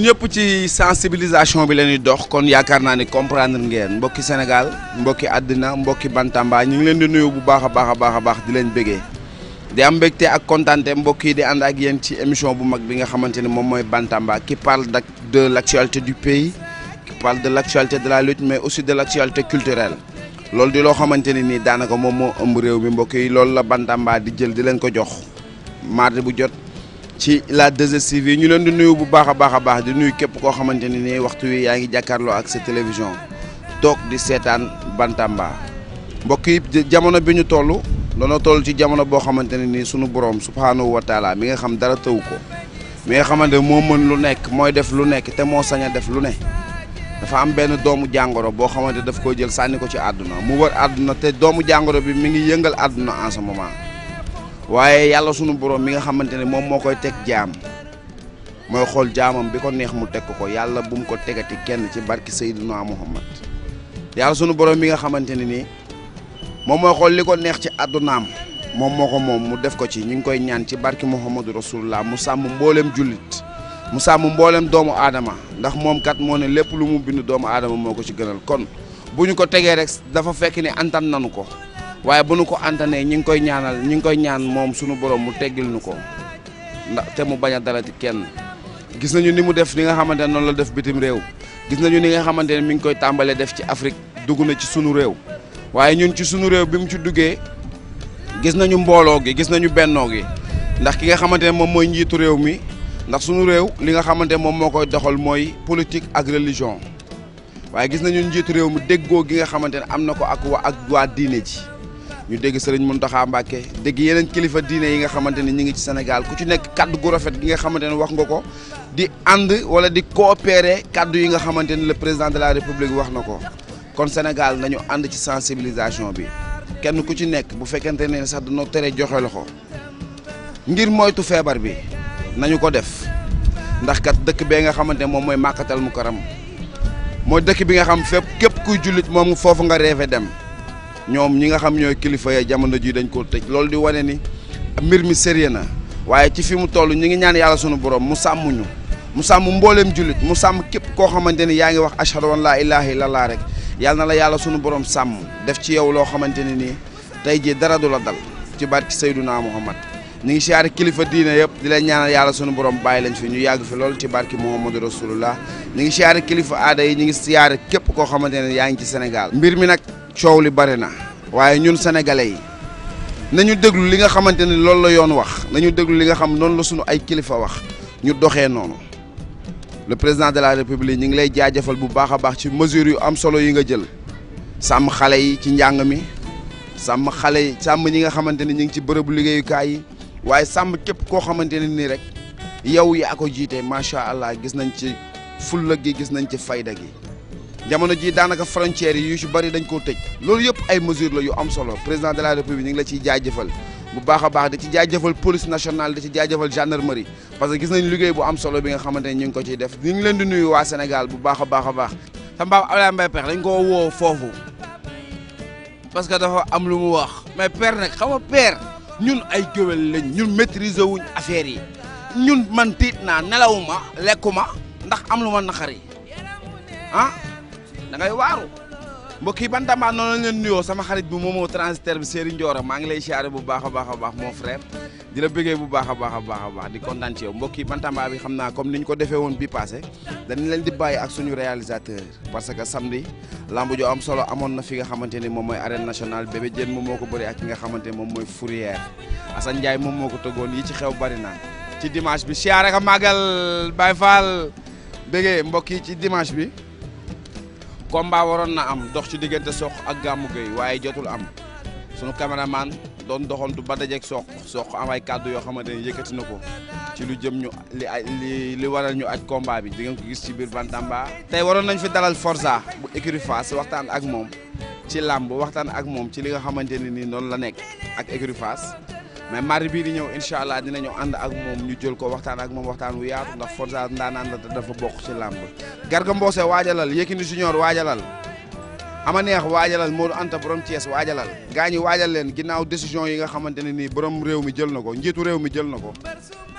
ñun ci sensibilisation bi la ñuy dox kon yaakaar naa ni comprendre ngeen mbokki Sénégal mbokki àddina mbokki Bantamba ñu ngi leen di nuyu bu baax a baax a baax a baax di leen bégee di am mbégte ak kontante mbokk yi di ànd ak yéen ci émission bu mag bi nga xamante ne moom mooy Bantamba qui parle de l' actualité du pays qui parle de de la lutte mais aussi de l' actualité culturelle loolu di loo xamante ne nii daanaka moom moo ëmb réew mi mbokk yi loolu la Bantamba di jël di leen ko jox mardi bu jot. ci la 2STV ñu leen di nuyu bu baax a baax a baax di nuyu képp koo xamante ne ni waxtu wi yaa ngi jàkkaarloo ak sa télévision toog di seetaan Bantamba mbokk yi jamono bi ñu toll doona toll ci jamono boo xamante ne nii sunu borom subhaanahu wa taala mi nga xam dara tëw ko mi nga xamante moo mën lu nekk mooy def lu nekk te moo sañ a def lu ne dafa am benn doomu jàngoro boo xamante daf koo jël sànni ko ci àdduna mu wër àdduna te doomu jàngoro bi mi ngi yëngal àdduna en moment waaye yàlla sunu borom mi nga xamante ne moom moo koy teg jaam mooy xool jaamam bi ko neex mu teg ko yàlla bu mu ko tegati kenn ci barki Seydina Muhammad yàlla sunu borom mi nga xamante ne nii moom mooy xool li ko neex ci àddunaam moom moo ko moom mu def ko ci ñu ngi koy ñaan ci barki Muhammadu Rasulullah mu sàmm mboolem jullit mu sàmm mboolem doomu aadama ndax moom kat moo ne lépp lu mu bind doomu aadama moo ko ci gënal kon bu ñu ko tegee rek dafa fekk ne antan nanu ko waaye bu nu ko antanee ñi ngi koy ñaanal ñi ngi koy ñaan moom sunu borom mu teggil nu ko ndax te mu bañ a dalati kenn gis nañu ni mu def li nga xamante ne noonu la def bitim réew gis nañu ni nga xamante ne mi ngi koy tàmbalee def ci Afrique dugg na ci sunu réew waaye ñun ci sunu réew bi mu ci duggee gis nañu mbooloo gi gis nañu bennoo gi ndax ki nga xamante ne moom mooy njiitu réew mi ndax sunu réew li nga xamante ne moom moo koy doxal mooy politique ak religion waaye gis nañu njiitu réew mi déggoo gi nga xamante ne am na ko ak waa ak waa diine ji ñu dégg sëriñ Mountakha Mbacké dégg yeneen kilifa diine yi nga xamante ne ñu ngi ci Sénégal ku ci nekk kàddu gu rafet gi nga xamante ne wax nga ko di ànd wala di coopérer kàddu yi nga xamante ne le président de la république wax na ko kon Sénégal nañu ànd ci sensibilisation bi kenn ku ci nekk bu fekkente ne sax dañoo tere joxe loxo ngir moytu feebar bi nañu ko def ndax kat dëkk bee nga xamante ne moom mooy màkkatal mu karam mooy dëkk bi nga xam fépp képp kuy jullit moom foofu nga reefe dem ñoom ñi nga xam ñooy kilifa ya jamono ji dañ koo teg loolu di wane ni mbir mi sérieux na waaye ci fi mu toll ñi ngi ñaan yàlla sunu borom mu sàmm ñu mu sàmm mbooleem jullit mu sàmm képp koo xamante ni yaa ngi wax ashhadu an laa ilaaha illallaah rek yàlla na la yàlla sunu borom sàmm def ci yow loo xamante ni nii tey jii dara du la dal ci barke Seydouna Muhammad ñu ngi siyaare kilifa diine yëpp di la ñaan yàlla sunu borom bàyyi lañ fi ñu yàgg fi lool ci barke Muhammadu Rasulullah ñu ngi siyaare kilifa aada yi ñu ngi siyaare képp koo xamante ne yaa ngi ci Sénégal mbir mi nag coow li bari na waaye ñun sénégalais yi nañu déglu li nga xamante ni loolu la yoon wax nañu déglu li nga xam noonu la suñu ay kilifa wax ñu doxee noonu le président de la république ñu ngi lay jaajëfal bu baax a baax ci mesures yu am solo yi nga jël sàmm xale yi ci njàng mi sàmm xale yi sàmm ñi nga xamante ni ñu ngi ci bërëbu liggéeyukaay yi waaye sàmm képp koo xamante ne nii rek yow yaa ko jiite macha allah gis nañ ci fulla gi gis nañ ci fayda gi. jamono ji daanaka frontières yi yu ci bari dañ koo tëj loolu yëpp ay mesures la yu am solo président de la république ñu ngi la ciy jaajëfal bu baax a baax da ci jaajëfal police nationale da ci jaajëfal gendarmerie parce que gis nañ liggéey bu am solo bi nga xamante ne ñu ngi ko ciy def ñu ngi leen di nuyu waa Sénégal bu baax a baax a baax sa mbaam Abdoulaye Mbaye Pekh dañ woo foofu parce que dafa am lu mu wax mais père nag xam nga père ñun ay géwél lañ ñun maîtriser wuñ affaire yi ñun man tiit naa nelawuma lekkuma ndax am lu ma naqari ah da ngay waaru mbokk yi ban damaa noonu lañ leen nuyoo sama xarit bi moomoo transitaire bi Serigne Ndiora maa ngi lay siyaare bu baax a baax a baax mon frère di la bëggee bu baax a baax a baax a baax di kontaan ci yow mbokk yi bantambaa bi xam naa comme ni ñu ko defee woon bi passé dañ leen di bàyyi ak suñu réalisateur parce que samedi lamb jo am solo amoon na fi nga xamante ni moom mooy arène national bébé Diène moom moo ko bëri ak ki nga xamante ni moom mooy Fourrière Assane Ndiaye moom moo ko tëggoon yi ci xew bari naan ci dimanche bi siyaare ka màggal Baye Fall bëggee mbokk yi ci dimanche bi combat waroon na am dox ci diggante soq ak gàmmu gay waaye jotul am sunu caméraman doon doxantu ba dajeeg soq soq am ay kàddu yoo xamante ne yëkkati na ko ci lu jëm ñu li li li waral ñu aj combat bi di ngeen ko gis ci biir Bantamba. tey waroon nañ fi dalal Forza bu écurie Fass waxtaan ak moom ci làmb waxtaan ak moom ci li nga xamante ne nii noonu la nekk ak écurie Fass mais mardi bii di ñëw incha allah dinañu ànd ak moom ñu jël ko waxtaan ak moom waxtaan wu yaatu ndax Forza ndaanaan la a dafa bokk ci làmb Garga Mbossé waajalal Yékini Junior waajalal ama neex waajalal Modou Anta borom Thiès waajalal gaa ñi waajal leen ginnaaw décision yi nga xamante ne nii borom réew mi jël na ko njiitu réew mi jël na ko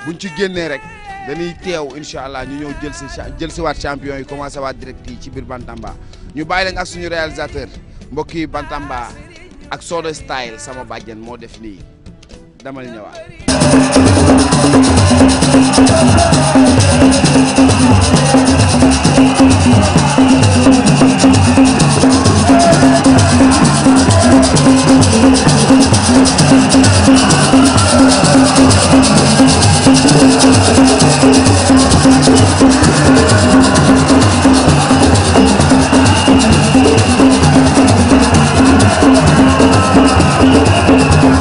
buñ ci génnee rek dañuy teew incha allah ñu ñëw jël si jël si waat champion yi commencé waat direct yi ci biir Bantamba ñu bàyyi leen ak suñu réalisateur mbokk yi Bantamba ak Soda Style sama bàjjen moo def nii damal ñëwaat Thank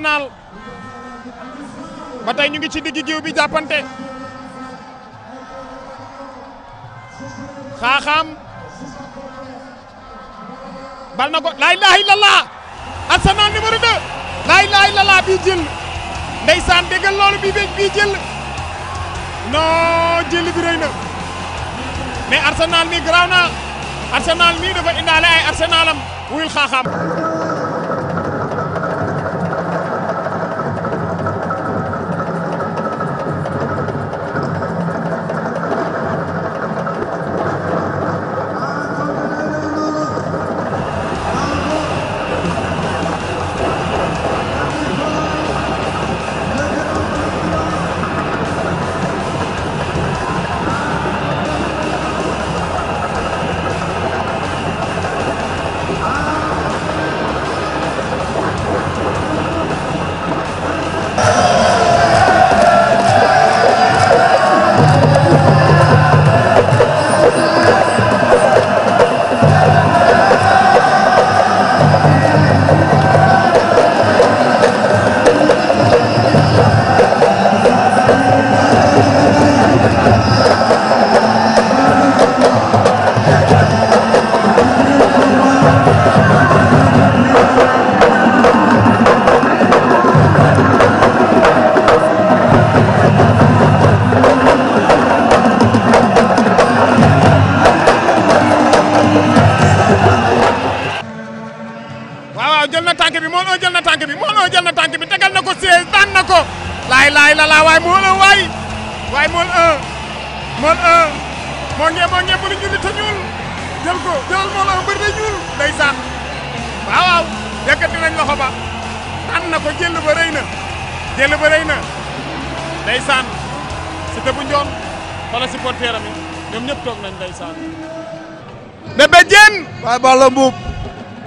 national ba ñu ngi ci digg giw bi jàppante xaaxaam bal na ko laa ilaha illallah arsenal numéro 2 laa ilaha illallah bii jël ndeysaan déggal loolu bii bii jël non jël bi na mais arsenal mi garaaw na arsenal mii dafa indaale ay arsenalam wuyul xaaxaam laay laay la laa waay mool un waay waay mool un mool un moo ngee moo ngee mënu ñuul te ñuul jël ko jëlal mool un bëri na ñuul ndeysaan waaw waaw yëkkati nañ loxo na ko jël ba rëy na jël ba rëy na ndeysaan Siteu bu Njoon wala supporter am ñoom ñëpp toog nañ ndeysaan bébé Diène waaye Balla Mbuub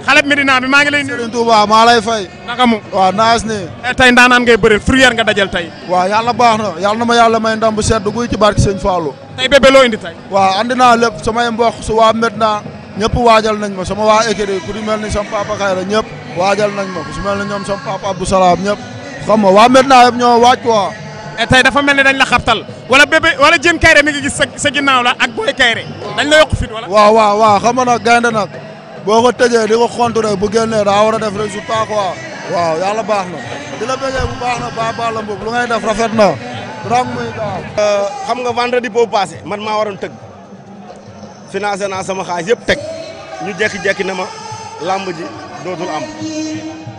xale bi Medina bi maa ngi lay nuyu. Serigne Touba maa lay fay. naka mu naas ne. Eh, tey ndaanaan ngay bëreel Fourrière nga dajal tey. waaw yàlla baax na yal na ma yàlla may ndam bu sedd guy ci barke Sëñ Fallou. tey bébé loo indi tey. waaw andi naa lépp samay mbokk su waa Medina ñëpp waajal nañ ma sama waa écurie ku di mel ni sama papa Khayra ñëpp waajal nañ ma ku si mel ni ñoom sama papa Abdou Salam ñëpp xam nga waa Medina yëpp ñoo waaj quoi. Eh, tey dafa mel ni dañ la xabtal wala bébé wala jën Kayre mi ngi gis sa ginnaaw la ak booy Kayre dañ la yokk fit wala. waaw waaw waaw boo ko tëjee di ko xontu rek bu génnee daa war a def résultat quoi waaw yàlla baax na di la bëggee bu baax na baax baax la boobu lu ngay def rafet na rang muy daaw euh, xam nga vendredi boobu passé man maa waroon tëgg financé naa sama xaalis yëpp teg ñu jekki-jekki ne ma làmb ji dootul am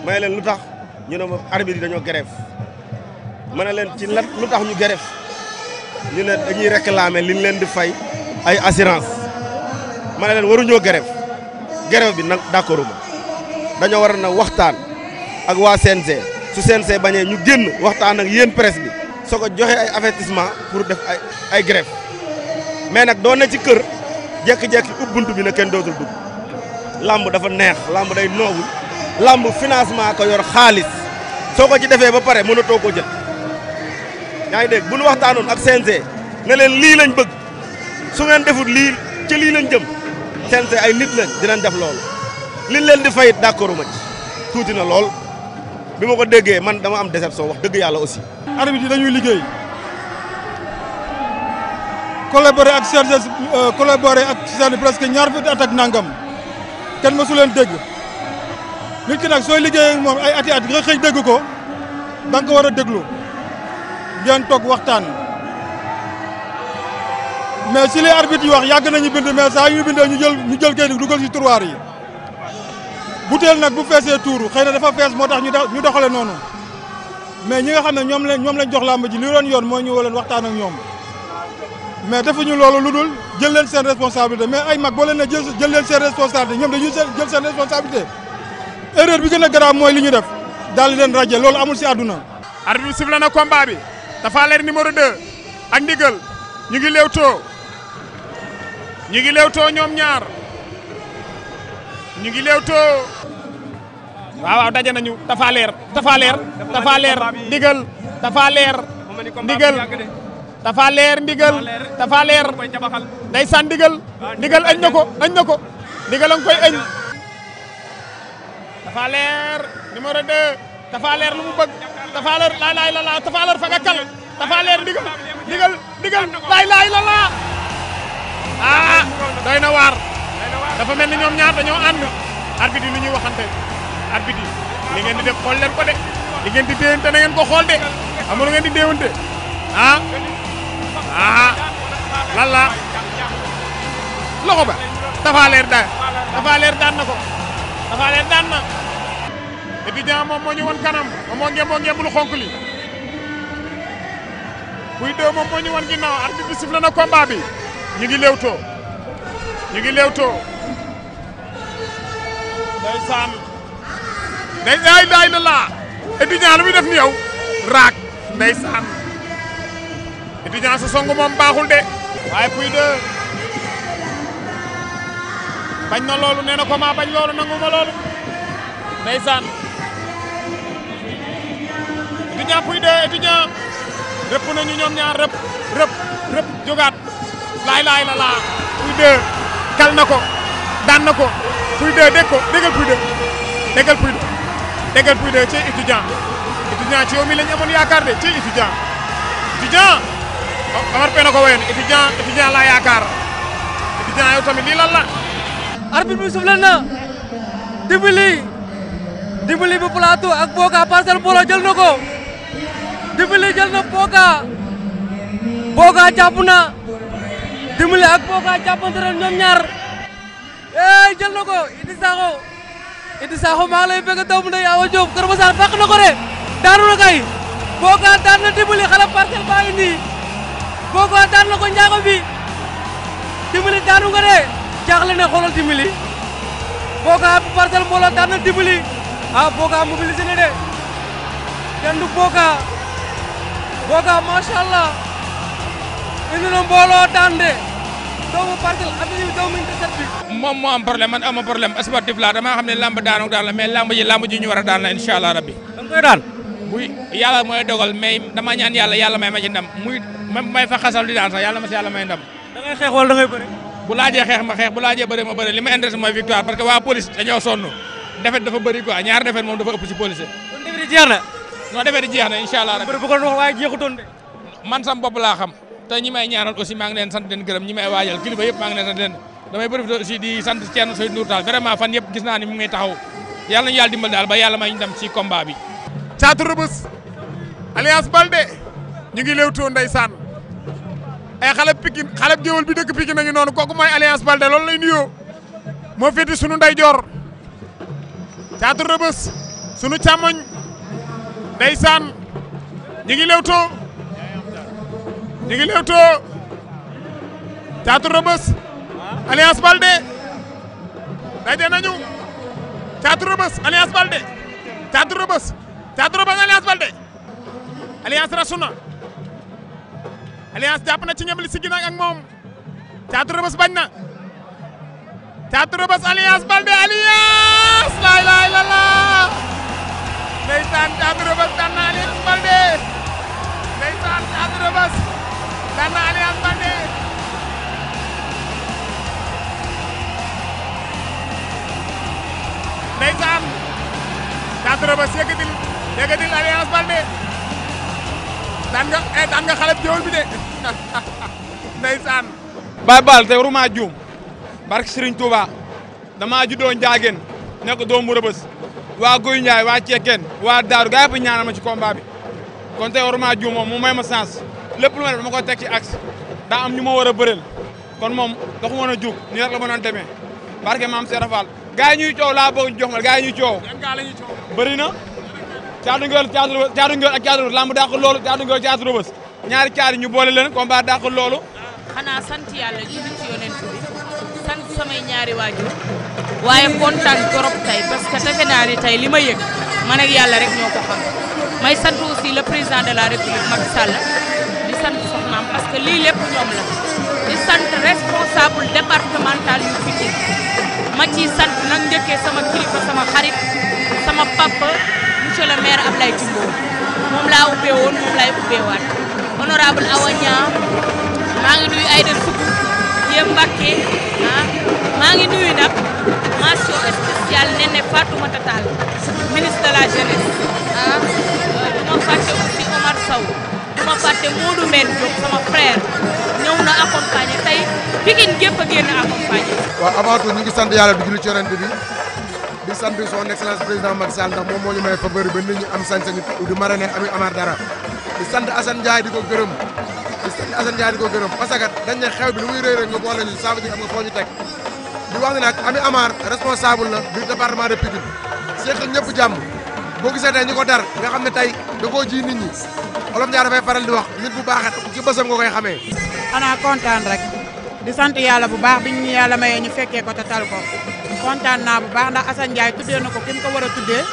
may leen lu tax ñu ne ma dañoo grève ma ne leen ci lan lu tax ñu grève ñu ne dañuy réclamer liñ leen di fay ay assurance ma ne leen waruñoo grève grève bi nag d'accord ma dañoo war na waxtaan ak waa CNG su CNG bañee ñu génn waxtaan ak yéen presse bi soo ko joxe ay avertissement pour def ay ay grève mais nag doo ne ci kër jékki-jékki ub bi na kenn dootul dugg làmb dafa neex làmb day noobul làmb financement ko yor xaalis soo ko ci defee ba pare mënatoo ko jël yaa ngi dégg bu waxtaanoon ak CNG ne leen lii lañ bëgg su ngeen defut lii ci lii lañ jëm CNG ay nit lañ dinañ def loolu liñ leen di fayit d'accord ma ci tuuti na lool bi ma ko déggee man dama am déception wax dégg yàlla aussi. arbitre yi dañuy liggéey collaborer ak CNG euh, collaborer ak CNG presque ñaar fukki at ak nangam kenn mësu leen dégg nit ki nag sooy liggéeyee moom ay ati at nga xëy dégg ko da nga ko war a déglu ngeen toog waxtaan. mais si les arbitres yi wax yàgg nañu bind mais saa yu ñu bindee ñu jël ñu jël kayit si tiroir yi butéel nag bu feesee tuuru xëy na dafa fees moo tax ñu doxale noonu mais ñi nga xam ne ñoom lañ ñoom lañ jox làmb ji li doon yoon mooy ñu woo leen waxtaan ak ñoom mais defuñu loolu lu dul jël leen seen responsabilité mais ay mag boo leen ne jël jël leen seen responsabilité ñoom dañuy jël seen responsabilité erreur bi gën a grave mooy li ñu def daal di leen raje loolu amul si àdduna. arbitre bi sifflé na combat bi Tapha Leer numéro 2 ak ndigal ñu ngi léewtoo ñu ngi lewtoo ñoom ñaar ñu ngi lewtoo. waaw waaw daje nañu dafa leer. dafa leer dafa leer ndigal dafa leer ndigal dafa leer ndigal leer ndeysaan ndigal ndigal añ na ko añ na ko ndigal koy añ. dafa leer numéro 2 dafa leer lu mu bëgg dafa leer fa nga kal dafa leer ndigal ndigal ndigal laa. ah doy na waar dafa mel ni ñoom ñaar dañoo ànd arbitre yi lu ñuy waxante arbitre yi li ngeen di def xool leen ko de li ngeen di déewante na ngeen ko xool de xam lu ngeen di déewante ah ah lan la loxo ba Tapha Leer daan Tapha Leer daan na ko Tapha Leer daan na Étudiant moom moo ñu kanam moom moo ngeen xonk li buy dee moom moo ñu won ginnaaw arbitre bi sifflé na combat ñu ngi lewtoo ñu ngi lewtoo ndeysaan day laay laay la laa étudiant lu muy def ni yow raak ndeysaan étudiant sa song moom baaxul de waaye Pouye 2 bañ na loolu nee na ko maa bañ loolu nangu ma loolu ndeysaan étudiant Pouye 2 étudiant rëpp nañu ñoom ñaar rëpp rëpp rëpp jógaat laay laay la laa Pouye 2 kal na ko daan na ko Pouye 2 dégg ko déggal Pouye 2 déggal Pouye 2 déggal Pouye 2 ci étudiant étudiant ci yow mi lañ amoon yaakaar de ci étudiant étudiant Amar Pène ko woyoon étudiant étudiant laa yaakaar étudiant yow tamit lii lan la arbitre bi soufflé na Dibili Dibili bu plateau ak Boka Parcelles Mbooloo jël na ko Dibili jël na Boka Boka jàpp dimbali ak Pokoa jàppante na ñoom ñaar eh jël na ko Idi Sakho Idi Sakho maa ngi lay bëgg a doomu ndey Awa na ko de daanu na kay Pokoa daan na dimbali xale parcelle baa ngi nii Pokoa na ko njaago bi dimbali daanu nga de jaaxle na xoolal dimbali Pokoa bu parcelle mbooloo daan na dimbali ah Pokoa mobilisé na de kenn du Pokoa Pokoa indi na mbooloo daan de. doomu parcelle am nañu doomu interception. moom moo am problème man ama problème sportif laa damaa xam ne lamb daanu daan la mais lamb ji lamb ji ñu daan la incha allah rabbi. da nga koy daan. yàlla mooy dogal mais dama ñaan yàlla yàlla may ma ci ndam muy même may fa xasal di daan sax yàlla ma si yàlla may ndam. da xeex ma xeex bu laajee ma bëri li ma mooy victoire parce que waa police dañoo sonn defet dafa bëri quoi ñaar defet moom dafa ëpp si police. kon defet yi jeex laa xam te ñi may ñaanal aussi maa ngi leen sant leen gërëm ñi may waajal kilifa yëpp maa ngi leen sant leen damay profité aussi di sant Thierno Seydou Nour Tall vraiment fan yëpp gis naa ni mu ngi taxaw yàlla nañu yàlla dimbal daal ba yàlla may ñu dem ci combat bi Thiatou Rebeuss Alliance Baldé ñu ngi léewtoo ndeysaan ay xale Pikine xale géwël bi dëkk Pikine noonu kooku mooy Alliance Baldé loolu lay nuyoo moo féete sunu ndeyjoor Thiatou Rebeuss sunu càmmoñ ndeysaan ñu ngi léewtoo ñu ngi lewtoo Caatu Rëbës Alliance Baldé daje nañu Caatu Rëbës Alliance Baldé Caatu Rëbës Caatu Rëbës Alliance Baldé Alliance rasuna Alliance jàpp na ci ñam li si moom Caatu Rëbës bañ na Caatu Rëbës Alliance Baldé Alliance laa ilaaha illallaah ndeysaan Caatu Rëbës daan na Alliance Baldé ndeysaan Caatu Rëbës daan na Alliance Baldé ndeysaan Caatu Rebeuss yëkkatil yëkkatil Alliance Baldé daan nga eh daan nga xale bu jëwal bi de ndeysaan Baye Bal te waruma juum barke Serigne Touba damaa juddoo Njaageen nekk doomu Rebeuss waa Guy Ndiaye waa Cekkeen waa Daaru gaa yëpp ñaanal ci combat bi kon te waruma juum moom ma sens lépp lu ma def dama koy teg ci axe daa am ñu ma war a bëreel kon moom dafa mën a jug nii rek la mënoon demee barke maam Serap Fall gars yi ñuy coow laa bëgg ñu jox ma gars yi ñuy coow. yan gars la ñuy coow. bëri na. caatu ngeel caatu caatu ngeel ak caatu rëbës lamb dàq loolu caatu ngeel caatu rëbës ñaari caat yi ñu boole leen combat sant yàlla julli ci ñaari waajur waaye kontaan trop tey parce que defe naa ne tey li ma yëg ma ak yàlla rek ñoo ko xam may sant aussi le président de la république Macky Sall sant soxnaam parce lii lépp ñoom la di sant responsable départemental yu Pikine ma ciy sant nag njëkkee sama kilifa sama xarit sama papa monsieur le maire Ablaye moom laa ubbee woon moom laay ubbeewaat honorable Awa Niang maa ngi nuyu ay den fukk yéen Mbàkke maa ngi nuyu nag mention spéciale Néné Fatoumata Tall ministre de la jeunesse ah du ma fàtte du ma fàtte Modou Mbène Diop sama frère ñëw na accompagné tey a sant yàlla di julli ci sant son di sant Assane Ndiaye di ko gërëm di sant di ko gërëm dañ ne xew bi lu muy rëy rek nga boole ñu saa ji am nga foo teg di wax ne nag ami amaar responsable la du département de Pikine seq ñëpp jàmm. boo gisee tey ñu ko dar nga xam ne tey da koo ji nit ñi olof Ndiaye faral di wax nit bu baax ci bësam nga koy xamee. xanaa kontaan rek di sant yàlla bu baax bi ñu yàlla mayee ñu fekkee ko te tal ko kontaan naa bu baax ndax Assane Ndiaye tuddee na ko ki mu ko war a tuddee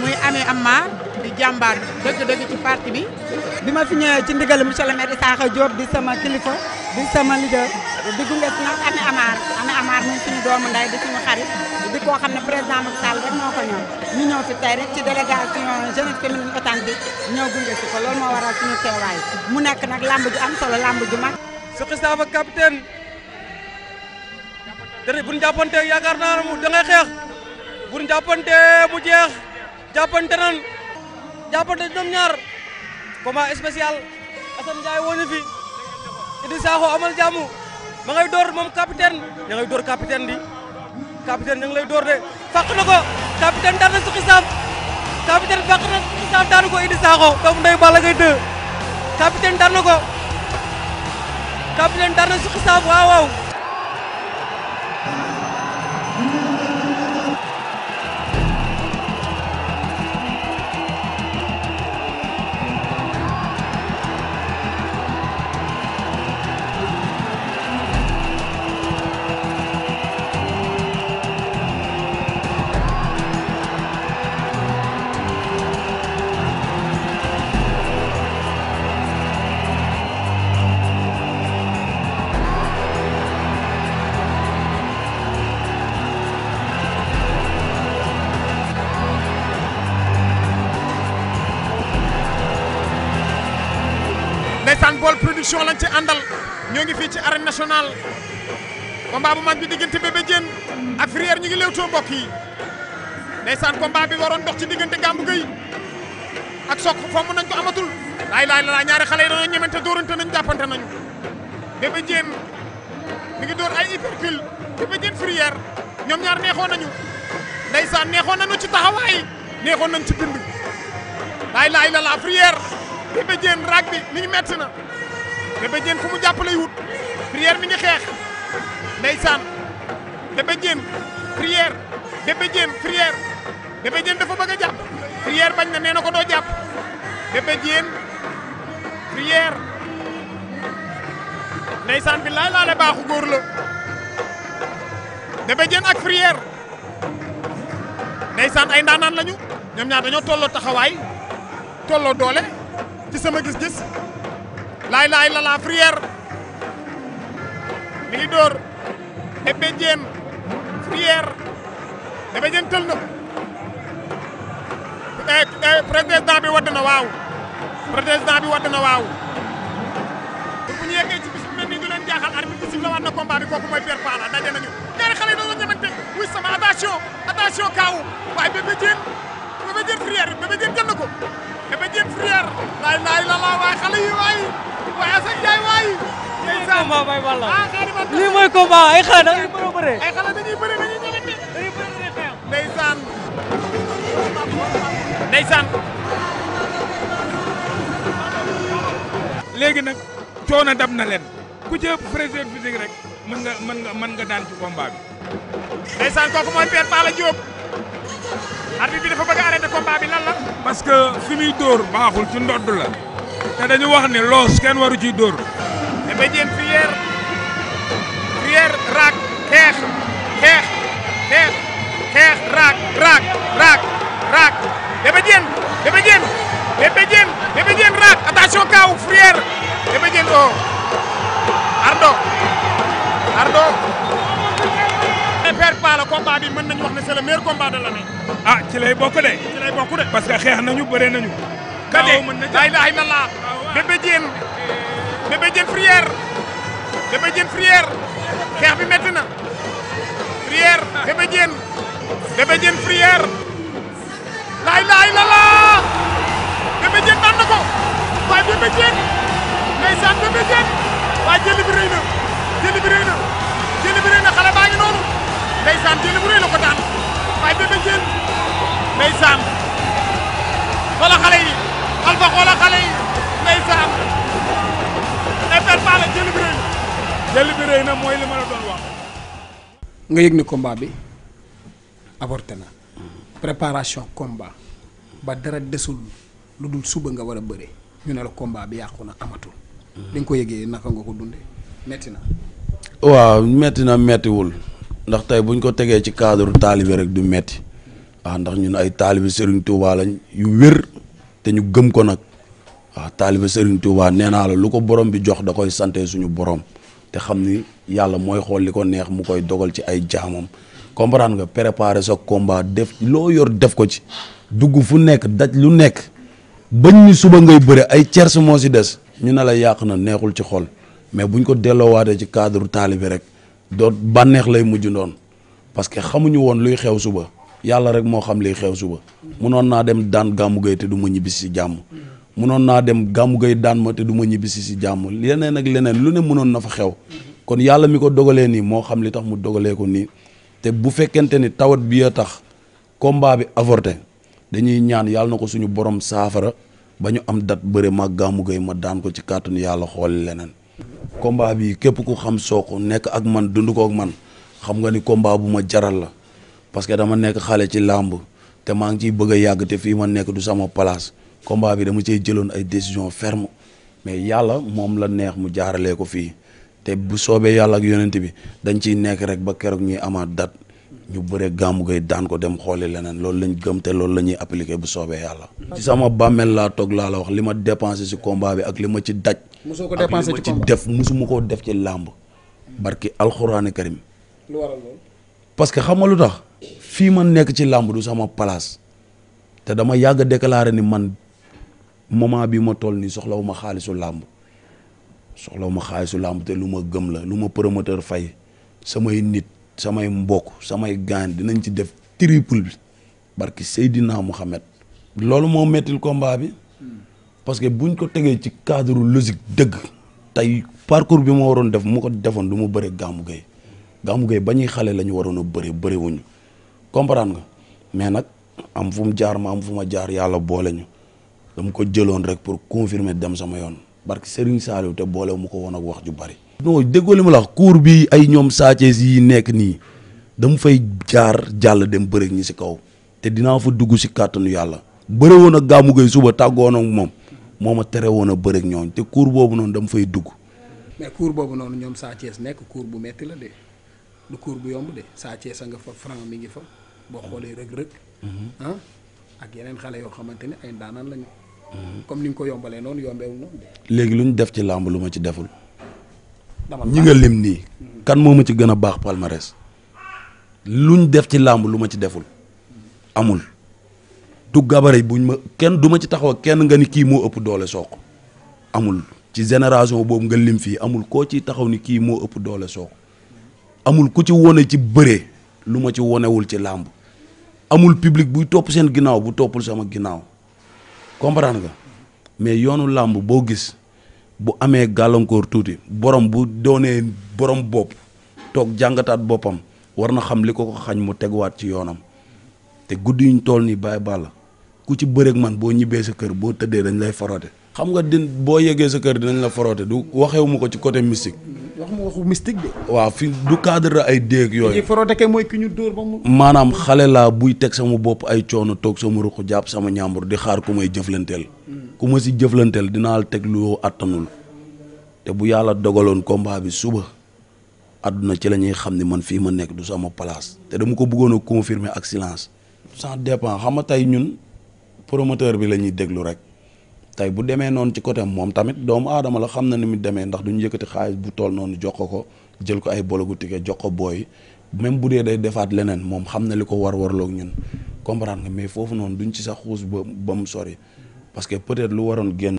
muy amee am ma di jàmbaar dëgg-dëgg ci parti bi. bi ma fi ñëwee ci ndigal monsieur le maire Isaaxa di sama kilifa di sama leader di gunge si nag Ami Amar Ami Amar ñun suñu doomu nday di suñu xarit di koo xam ne président Macky rek moo ko ñëw ñu ñëw fi tey rek ci délégation jeunesse féminine authentique ñëw gunge si ko loolu moo waral suñu teewaay mu nekk nag lamb ju am solo lamb ju mag. su xisaaba capitaine dara bu ñu yaakaar naa da xeex bu ñu jàppante ñoom ñaar combat spécial Assane Ndiaye woo na fi Idi Sakho amal jàmm ma ngay moom capitaine ña ngay door capitaine di capitaine ña ngi lay door de fàq na ko capitaine daan na suqi saaf capitaine fàq na suqi saaf daanu ko Idi Sakho doomu ndey Balla Gaye 2 capitaine daan na ko capitaine daan na suqi ndeysaan bool production lañ ci àndal ñoo ngi fii ci arène nationale combat bu mag bi diggante Bébé Diène ak Fourrière ñu ngi léewtoo mbokk yi ndeysaan combat bi waroon dox ci diggante Gambu Gueye ak Sokh fomm nañ ko amatul laay laay la ñaari xale yi dañoo ñemente dóorante nañ jàppante nañu Bébé Diène mi ngi dóor ay hypercule Bébé Diène Fourrière ñoom ñaar neexoon nañu ndeysaan neexoon nañu ci taxawaay neexoon nañ ci bind laay laay la la Fourrière Bébé Diène raag bi mi ngi metti na fu mu jàpp la wut prière mi ngi xeex ndeysaan Bébé Diène prière Bébé Diène dafa bëgg a jàpp prière bañ na nee na ko doo jàpp Bébé Diène prière ndeysaan bi laay laale baaxu góor la Bébé Diène ak prière ndeysaan ay ndaanaan lañu ñoom ñaar dañoo tolloo taxawaay tolloo doole ci sama gis-gis laay laay la la mi ngi dóor Bébé Diène Fourrière Bébé Diène tël na ko eh, eh, président bi wadd na waaw président bi wadd na waaw bu ñu yeggee ci bis bu mel nii ñu leen jaaxal arbitre bi sifflé waat na combat bi kooku mooy Pierre Fala daje nañu ñaari xale yi doon la ñamante wuy sama attention attention kaaw waaye Bébé Diène Bébé Diène Fourrière Bébé Diène jël ko Bébé Diène Fourrière laay laay la la waay xale yi waay waay Assane Ndiaye waay ndeysaan combat bay walla lii mooy ah, ay xale dañuy bëre bëre ay xale dañuy bëre dañuy ñëwante dañuy bëre dañuy xeex ndeysaan ndeysaan léegi nag coono dab na leen ku ci ëpp physique rek mën nga mën nga mën nga daan ci combat bi ndeysaan kooku mooy Père Bala Diop arbitre bi dafa bëgg a arrêter combat bi lan la. parce que fi muy dóor baaxul ci ndodd la. te dañu wax ne loos kenn waru ciy dóor. mais eh ba jéem filière filière xeex xeex xeex xeex raak raak raak raak eh dafa jéem eh dafa jéem dafa jéem dafa jéem raak attention kaw filière dafa jéem oo oh. Ardo Ardo. Père Palla combat bi mën nañu wax ne c'est le meilleur combat de l'année. Ah, ci lay bokk de. ci xeex nañu bëre nañu. waaw mën na ca la ilaha Bébé Diène Bébé Diène Frière xeex bi métti na Frière Bébé Diène Bébé Diène Frière la ilaha illallah Bébé Diène daan na ko waaye Bébé Diène ndeysaan Bébé Diène waaye jëli bi rëy na jëli bi rëy na jëli na xale baa ndeysaan jël bu la ko daan waaye bébé jël ndeysaan xoola xale yi alfa xoola xale yi ndeysaan effet baa la jël bu rëy jël na mooy li ma la doon wax. nga yëg ni combat bi avorté na préparation combat ba dara desul lu dul suba nga war a bëre ñu ne la combat bi yàqu na amatul. bi nga ko yëgee naka nga ko dundee metti na. waaw metti na mettiwul. ndax tey ñu ko tegee ci cadre taalibe rek du metti waaw ndax ñun ay taalibe sëriñ Touba lañ yu wér te ñu gëm ko nag waaw taalibe sëriñ Touba nee naa la lu ko borom bi jox da koy sante suñu borom te xam ni yàlla mooy xool li ko neex mu koy dogal ci ay jaamam comprendre nga préparer sa komba def loo yor def ko ci dugg fu nekk daj lu nekk bañ ni suba ngay bëre ay cerse moo si des ñu ne la yàq na neexul ci xol mais buñ ko delloowaatee ci cadre taalibe rek. doot bànneex lay mujj ndoon parce que xamuñu woon luy xew suba yàlla rek moo xam liy xew suba mënoon naa dem daan gàmmu gay te du ma ñibbisi si jàmm munoon naa dem gàmmu gay daan ma du ma ñibbisi si jàmm leneen ak leneen lu ne mënoon na fa xew kon yàlla mi ko dogalee nii moo xam li tax mu dogalee ko nii te bu fekkente ni tawat bi a tax combat bi avorté dañuy ñaan yàlla na ko suñu borom saafara ba ñu am dat bëre ma gàmmu gay ma daan ko ci kàttanu yàlla xool leneen combat bii képp ku xam Sokh nekk ak man dund ko ak man xam nga ni combat bu ma jaral la parce que dama nekk xale ci làmb te maa ngi ciy bëgg a yàgg te fii ma nekk du sama place combat bi dama cey jëloon ay décision ferme mais yàlla moom la neex mu jaaralee ko fii te bu soobee yàlla ak yonent bi dañ ciy nekk rek ba keroog ñuy amaat dat ñu bëre gàmmu gay daan ko dem xooli leneen loolu lañ gëm te loolu la ñuy appliqué bu soobee yàlla. ci sama bàmmeel laa toog laa la wax li ma dépensé si kombaa bi ak li ma ci daj. musoo ko dépensé ci koo def ci làmb. barki alxuraani karim. lu que xam nga lu tax fii ma nekk ci làmb du sama place te dama yàgg a ni man moment bi ma toll nii soxlaw ma xaalisu làmb soxlawu xaalisu làmb te lu ma gëm la lu ma promoteur fay samay nit. samay mbokk samay gaan dinañ ci def triple bi barki Seydina Mohamed. loolu moo mettil combat bi parce que buñ ko tegee ci cadre logique dëgg tey parcours bi ma waroon def mu ko defoon du mu bëre Gamou Gueye Gamou Gueye ba ñuy xale la ñu waroon a bëre bëre wuñu nga mais nag am fu mu jaar ma am fu ma jaar yàlla boole ñu dam ko jëloon rek pour confirmer dem sama yoon barki Serigne Saliou te boole mu ko woon ak wax ju bari non déggoo li ma la wax cour bi ay ñoom saacees yi nekk nii dama fay jaar jàll dem bëri ñi si kaw te dinaa fa dugg si kàttanu yàlla bëri woon ak gàmmu gay suba tàggoon ak moom moo ma tere woon a bëri ak ñooñ te cour boobu noonu dama fay dugg. mais cour boobu noonu ñoom saacees nekk cour bu metti la de du cour bu yomb de saacees a nga fa franc mi ngi fa boo xoolee rëg-rëg. Mhm. Ah, ak yeneen xale yoo xamante ne ay ndaanaan lañu. Mhm. comme ni mu ko yombalee noonu yombeewul noonu léegi lu ñu def ci làmb lu ma ci deful. ñi nga lim nii. kan moo ma ci gën a baax palmarès luñ def ci làmb lu ma ci deful amul du gabare buñ ma kenn du ma ci taxaw kenn nga ni kii moo ëpp doole soq amul ci génération boobu nga lim fii amul koo ciy taxaw ni kii moo ëpp doole soq amul ku ci wone ci bëree lu ma ci wonewul ci làmb amul public buy topp seen ginnaaw bu toppul sama ginnaaw comprendre nga mais yoonu làmb boo gis. bu amee gàllankoor tuuti borom bu doonee borom bopp toog jàngataat boppam war na xam li ko ko xañ mu teguwaat ci yoonam te guddi yuñ tool nii bàyyi bàlla ku ci bëreeg man boo ñibbee sa kër boo tëddee dañ lay farote xam nga din boo yeggee sa kër dinañ la foroote du waxewuma ko ci côté mystique. wax ma waxu mystique de. waaw fi du cadre ay déeg yooyu. foroote kay mooy ki ñu dóor ba maanaam xale laa buy teg sama bopp ay coono toog sama ruq jàpp sama ñàmbur di xaar ku may jëflanteel. Hmm. ku ma si jëflanteel dinaa la teg lu attanul te bu yàlla dogaloon combat bi suba àdduna ci la ñuy xam ne man fii ma nekk du sama place te dama ko bëggoon a confirmer ak silence. sans dépend xam nga tey ñun promoteur bi la ñuy déglu rek. tey bu demee noonu ci côté moom tamit doomu aadama la xam na ni mu demee ndax du duñu yëkkati xaalis bu tool noonu jox ko ko jël ko ay bologu ticket jox ko booy même bu dee day defaat leneen moom xam na li ko war warloog ñun comprendre nga mais foofu noonu duñ ci sax xuus ba ba mu sori parce que peut-être lu waroon génn.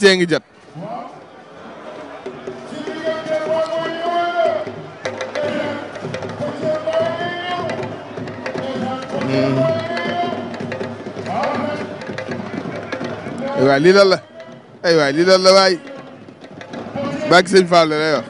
wàccee ngi jot. Hmm. waay lii lan la ay waay lii lan la waay bàkk sëñ Fall lay wax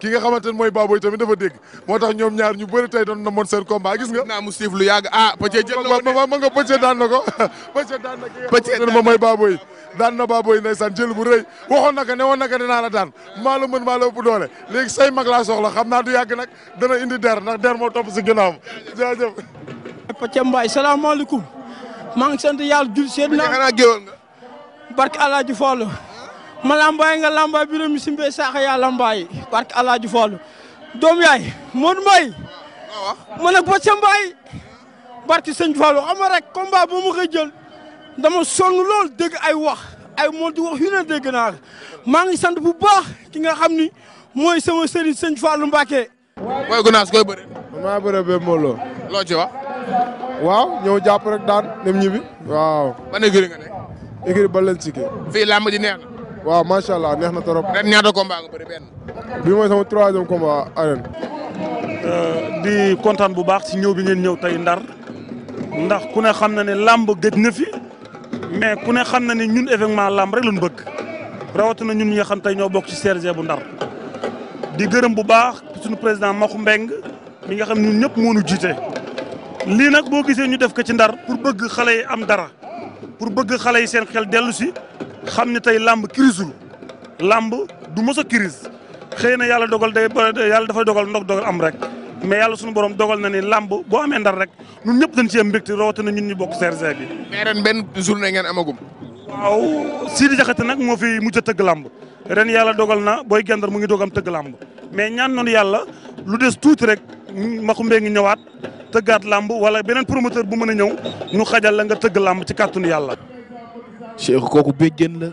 ki nga xamante ne mooy Baboy tamit dafa dégg moo tax ñoom ñaar ñu bëri tey doon na moon seen combat gis nga naa mu siif lu yàgg ah pëcce jël ma ma nga daan na ko pëcce daan na ki ne moom na Baboy ndeysaan jël bu rëy waxoon na ko ne woon na ko dinaa la daan maa la mën maa la ëpp doole léegi say mag laa soxla xam naa du yàgg nag dana indi der ndax der moo topp si ginnaawam jaajëf pëcce mbaay salaamaaleykum maa ngi sant yàlla jul seen naa barke Alaaji Fallu ma lambaay nga lambaay biro mi simbe saaxa yaa lambaay barke Alaaji Fallu doom yaay Modou Mbaye ma nag Bathie Mbaye barke Sëñ Fallu xam nga rek combat bu ma koy jël dama sonn lool dégg ay wax ay moo di wax yu ne dégg naa maa ngi sant bu baax ki nga xam ni mooy sama sëriñ Sëñ Fallu Mbàkke booy gunaas koy bëri maa bëri be mbooloo loo wax waaw ñëw jàpp rek daan dem ñibbi waaw ban écurie nga nekk écurie Balenciaga na waaw macha allah neex na trop. ren ñaata combat nga bëri benn. bii mooy sama troisième combat arène. Euh, di kontaan bu baax ci ñëw bi ngeen ñëw tey ndar ndax ku ne xam na ne làmb gëj na fi mais ku ne xam na ne ñun événement làmb rek lañu bëgg rawatina ñun ñi nga xam tey ñoo bokk ci CRG bu ndar di gërëm bu baax suñu président Makhou Mbeng mi nga xam ñun ñëpp moo ñu jiite. lii nag boo gisee ñu def ko ci ndar pour bëgg xale yi am dara pour bëgg xale yi seen xel dellu si xam ne tey làmb kirisuñu làmb du mos a kiris xëy na yàlla dogal day yàlla dafay dogal ndox dogal am rek mais yàlla suñu borom dogal na ni làmb boo amee ndar rek ñun ñëpp dañ ci am mbégte rawatina ñun ñu bokk CRG bi. mais ren benn journée ngeen amagum. waaw Sidi Diakhaté nag moo fi mujj a tëgg làmb ren yàlla dogal na booy gendar mu ngi doog am tëgg làmb mais ñan noonu yàlla lu des tuuti rek Makhoumbé ngi ñëwaat tëggaat làmb wala beneen promoteur bu mën a ñëw ñu xajal la nga tëgg làmb ci kattunu yàlla. Cheikh kooku béjjën la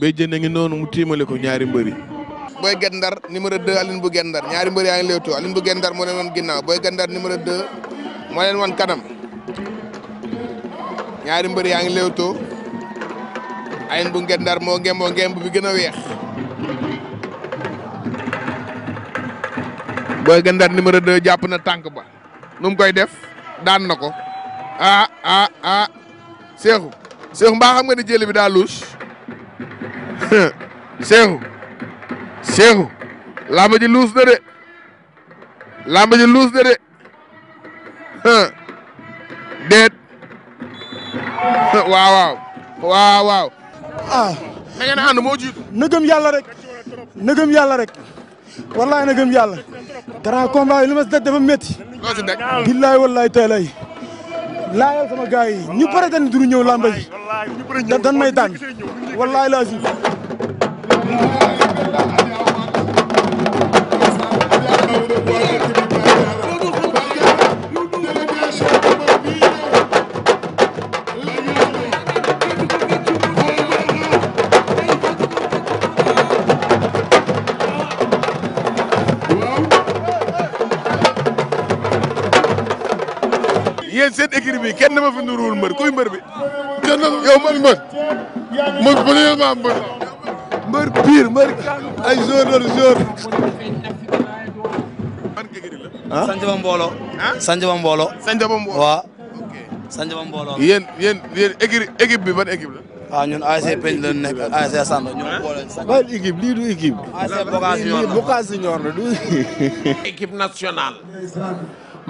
béjjën a ngi noonu mu tiimale ko ñaari mbëri Boy Guet Ndar numéro 2 Aline bu Guet Ndar ñaari mbëri yaa ngi léewtoo bu Guet Ndar moo leen wan ginnaaw Boy Guet Ndar numéro moo leen wan kanam ñaari mbëri yaa ngi léewtoo Aline bu Guet moo ngemboo ngemb bi gën a weex Boy Guet Ndar numéro 2 jàpp na tànk ba nu mu koy def daan na ko ah ah ah Cheikhou Seexu mbaa xam nga ni jëli bi daa luus Seexu Seexu làmb ji luus na de làmb ji luus na de déet waaw waaw waaw waaw ah na na gëm yàlla rek na gëm yàlla rek wallaay na gëm yàlla grand combat yi ma si daj dafa métti loo si daj laajal sama gars yi ñu bëre dañu duru ñëw lamba ji dan may daan wallaay laazim yéen seen écrit bi kenn dama fi nuruwul mbër kuy mbër bi. kenn yow man mbër man man yéen maa mbër. mbër pire mbër ay jour loolu jour. ban écrit la. ah sanj ba mbooloo. ah sanj ba mbooloo. sanj ba mbooloo waaw. ok sanj ba mbooloo. yéen yéen yéen écrit équipe bi ban équipe la. waaw ah, ñun ASC Peñ la nekk ASC Sànd ñu boole. ban équipe lii du équipe. ASC Bocage Nior la lii Bocage Nior la du. équipe nationale.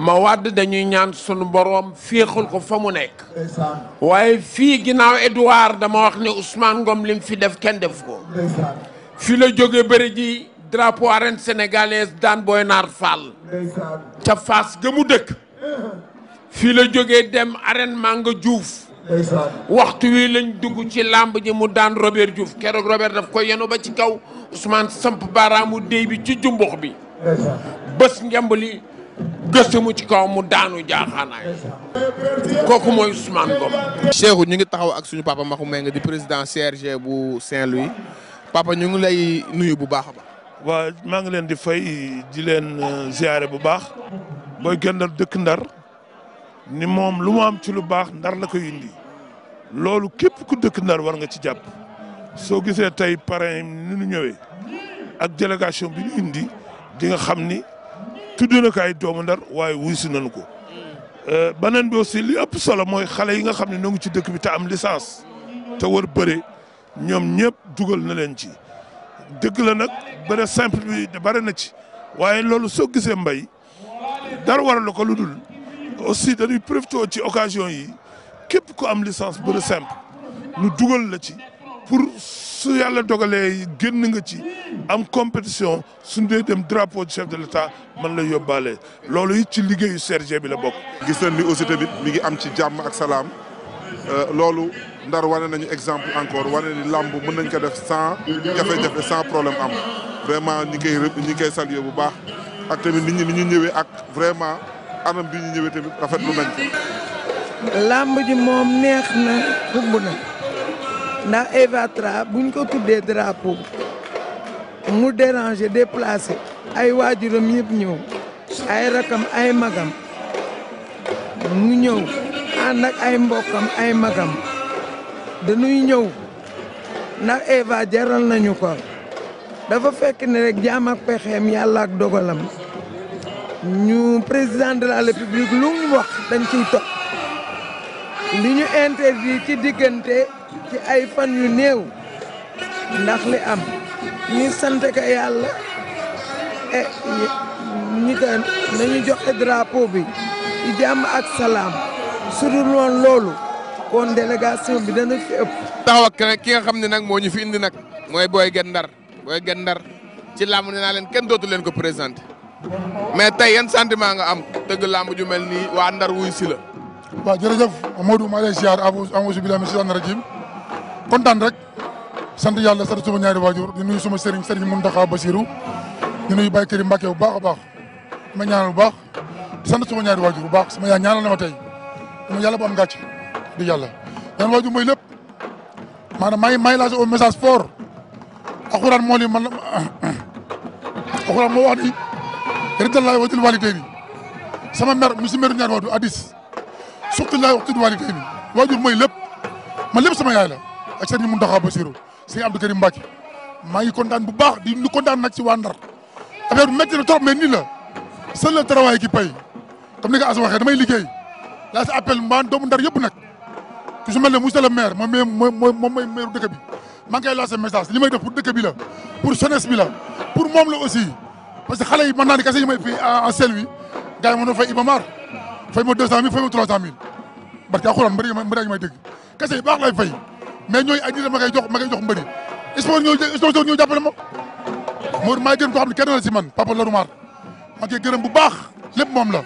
ma wàdd dañuy ñaan sunu boroom féexal ko fa mu nekk waaye fii ginnaaw Edouard dama wax ne Ousmane Ngom fi def kenn def ko fi la jóge bëri ji drapo arène sénégalaise daan booy naar Fall ca fas ga mu dëkk fii la jóge dem arène màngo juuf waxtu wi lañ dugg ci làmb ji mu daan Robert Diouf keroog Robert daf ko yenu ba ci kaw Ousmane samp baaraamu déy bi ci jumbux bi bés ngemb gëstu mu ci kaw mu daanu jaaxaanaay kooku mooy Ousmane Ngom. Cheikhou ñu ngi taxaw ak suñu papa Maxu nga di président CRG bu Saint-Louis papa ñu ngi lay nuyu bu baax a baax. waaw maa ngi leen di fay di leen euh, ziare bu baax. booy gëndal dëkk ndar ni moom lu mu am ci lu baax ndar la koy indi loolu képp ku dëkk ndar war nga ci jàpp soo gisee tey parrain ni ñu ñëwee ak délégation bi ñu indi di nga xam ni. tudd na ko ay ndar waaye wuy si nañu ko euh, beneen bi aussi li ëpp solo mooy xale yi nga xam ne ñoo ngi ci dëkk bi te am licence te war bëre ñoom ñëpp dugal na leen ci dëgg la nag bëre simple bi bare na ci waaye loolu soo gisee mbay dara waralu ko lu dul aussi dañuy profité ci occasion yi képp ku am lissance bëre simple ñu dugal la ci pour su yàlla dogalee génn nga ci am compétition suñ dee dem drapeau chef de l'état man la yóbbaale loolu it ci liggéeyu CRG bi la bokk. gis nañ ni aussi tamit mi ngi am ci jàmm ak salaam euh, loolu ndar wane nañu exemple encore wane ni làmb mën na ko def sans jafe-jafe sans problème am vraiment ñi koy ñi bu baax ak tamit nit ñi ni ñu ñëwee ak vraiment anam bi ñu ñëwee tamit rafetlu nañ ko. làmb ji moom neex na xumb na. ndax Eva Tra buñ ko tuddee drapeau mu déranger déplacé ay waajuram yëpp ñëw ay rakam ay magam mu ñëw ànd ay mbokkam ay magam dañuy ñëw ndax Eva jaral nañu ko dafa fekk ne rek jaam ak pexeem yàlla ak dogalam ñu président de la république lu mu wax dañ ciy topp li ñu interdit ci diggante. ci ay fan yu néew ndax li am ñi sant ka yàlla e ñi ko nañu joxe drapeau bi ci jàmm ak salaam su dul loolu kon délégation bi dana fi ëpp. taxaw ak ki nga xam ne nag moo ñu fi indi nag mooy booy Guet Ndar Boy Guet ci làmb ne naa leen kenn dootu leen ko présenté mais tey yan sentiment nga am tëgg lamb ju mel nii waa Ndar wuy si la. waaw jërëjëf Modou maa lay ziar amoo amoo si biir amiin kontaan rek sant yàlla sant suma ñaari waajur di nuyu suma sëriñ sëriñ Mountakha Bassirou di nuyu Baye Karim Mbacké bu baax a baax ma ñaanal bu baax di sant suma bu baax sama yaa ñaanal na ma tey mu yàlla bu am gàcc di yàlla ñaari waajur mooy lépp maanaam may may lancé au message fort a moo li man alxuraan moo wax ni ridallaay wa til waalidey ni sama mer mu si meru ñaari waajur addis wa til lépp man lépp sama yaay la ak sëriñ Mountakha Bassirou sëriñ Abdou Karim Mbacké maa ngi kontaan bu baax di kontaan nag ci waa Ndar affaire bi métti trop mais nii la seul le travail qui paye comme ni ko as waxee damay liggéey laa si appel mbaa doomu Ndar yëpp nag ku su mel ne monsieur le maire moom mooy moom mooy dëkk bi maa ngi koy lancé message li may def pour dëkk bi la pour jeunesse bi moom la aussi parce que xale yi mën naa ne kese yi may fii en sel wi gars yi mën baax lay fay. mais ñooy ay nit ma koy jox ma koy jox mbëri sponsor ñoo sponsor ñoo jàppale ma moo maa gën koo xam ne kenn la si papa Larou Mar ma koy gërëm bu baax lépp moom la